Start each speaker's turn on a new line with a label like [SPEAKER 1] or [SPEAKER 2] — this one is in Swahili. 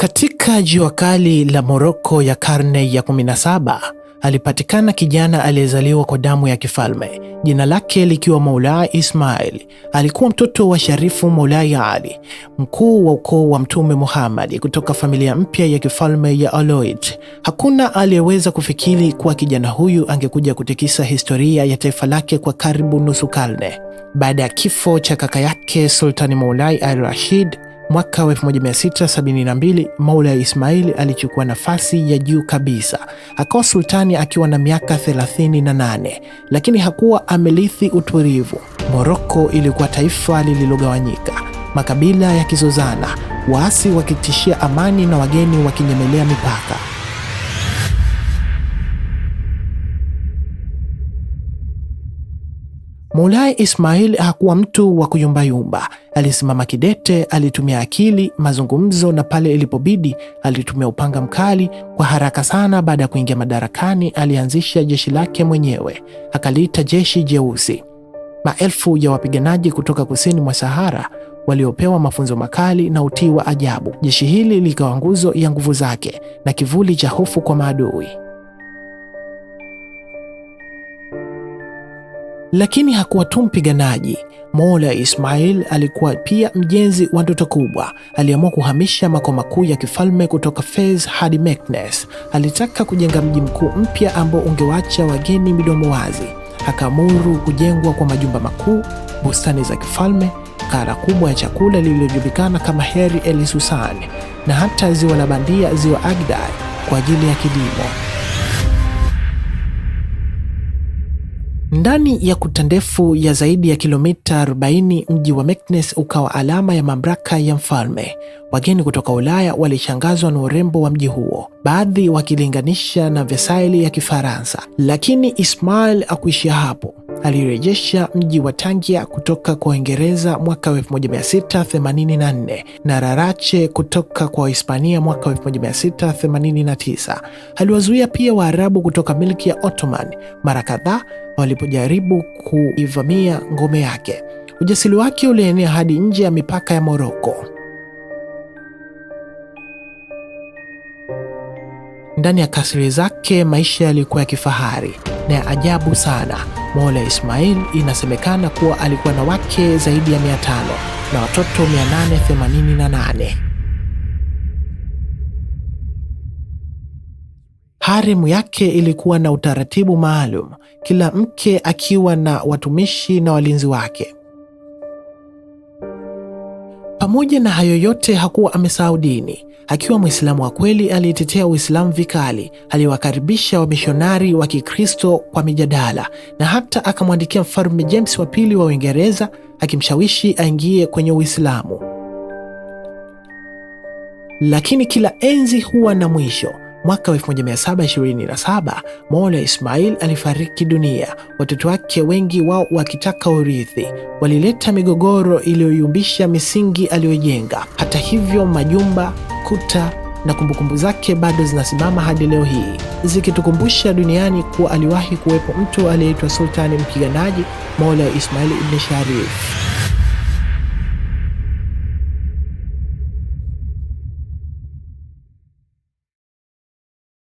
[SPEAKER 1] Katika jua kali la Moroko ya karne ya 17 alipatikana kijana aliyezaliwa kwa damu ya kifalme, jina lake likiwa Maulaa Ismail. Alikuwa mtoto wa Sharifu Maulai Ali, mkuu wa ukoo wa Mtume Muhammad, kutoka familia mpya ya kifalme ya Aloid. Hakuna aliyeweza kufikiri kuwa kijana huyu angekuja kutikisa historia ya taifa lake kwa karibu nusu karne. Baada ya kifo cha kaka yake Sultani Maulai al-Rashid Mwaka 1672 Maula Ismail alichukua nafasi ya juu kabisa, akawa sultani akiwa na miaka 38, lakini hakuwa amelithi utulivu. Moroko ilikuwa taifa lililogawanyika, makabila yakizozana, waasi wakitishia amani na wageni wakinyemelea mipaka. Mulai Ismail hakuwa mtu wa kuyumbayumba. Alisimama kidete, alitumia akili, mazungumzo, na pale ilipobidi alitumia upanga mkali. Kwa haraka sana, baada ya kuingia madarakani, alianzisha jeshi lake mwenyewe, akaliita jeshi jeusi. Maelfu ya wapiganaji kutoka kusini mwa Sahara waliopewa mafunzo makali na utii wa ajabu. Jeshi hili likawa nguzo ya nguvu zake na kivuli cha hofu kwa maadui. Lakini hakuwa tu mpiganaji. Mola Ismail alikuwa pia mjenzi wa ndoto kubwa. Aliamua kuhamisha makao makuu ya kifalme kutoka Fez hadi Meknes. Alitaka kujenga mji mkuu mpya ambao ungewacha wageni midomo wazi. Akaamuru kujengwa kwa majumba makuu, bustani za kifalme, kara kubwa ya chakula lililojulikana kama Heri El Susan, na hata ziwa la bandia, ziwa Agdar, kwa ajili ya kilimo. Ndani ya kuta ndefu ya zaidi ya kilomita 40 mji wa Meknes ukawa alama ya mamlaka ya mfalme. Wageni kutoka Ulaya walishangazwa na urembo wa mji huo, baadhi wakilinganisha na Versailles ya Kifaransa. Lakini Ismail akuishia hapo alirejesha mji wa Tangia kutoka kwa Uingereza mwaka 1684 na Rarache kutoka kwa Hispania mwaka 1689. Aliwazuia pia Waarabu kutoka milki ya Ottoman mara kadhaa walipojaribu kuivamia ngome yake. Ujasiri wake ulienea hadi nje ya mipaka ya Moroko. Ndani ya kasri zake maisha yalikuwa ya kifahari na ya ajabu sana. Mola Ismail inasemekana kuwa alikuwa na wake zaidi ya 500 na watoto 888. Haremu yake ilikuwa na utaratibu maalum, kila mke akiwa na watumishi na walinzi wake. Pamoja na hayo yote, hakuwa amesahau dini. Akiwa Mwislamu wa kweli, aliyetetea Uislamu vikali, aliwakaribisha wamishonari wa Kikristo kwa mijadala na hata akamwandikia Mfalme James wa pili wa Uingereza akimshawishi aingie kwenye Uislamu. Lakini kila enzi huwa na mwisho. Mwaka 1727 Mola Ismail alifariki dunia, watoto wake wengi wao wakitaka urithi. Walileta migogoro iliyoyumbisha misingi aliyojenga. Hata hivyo, majumba, kuta na kumbukumbu zake bado zinasimama hadi leo hii, zikitukumbusha duniani kuwa aliwahi kuwepo mtu aliyeitwa Sultani Mpiganaji, Mola Ismail ibn Sharif.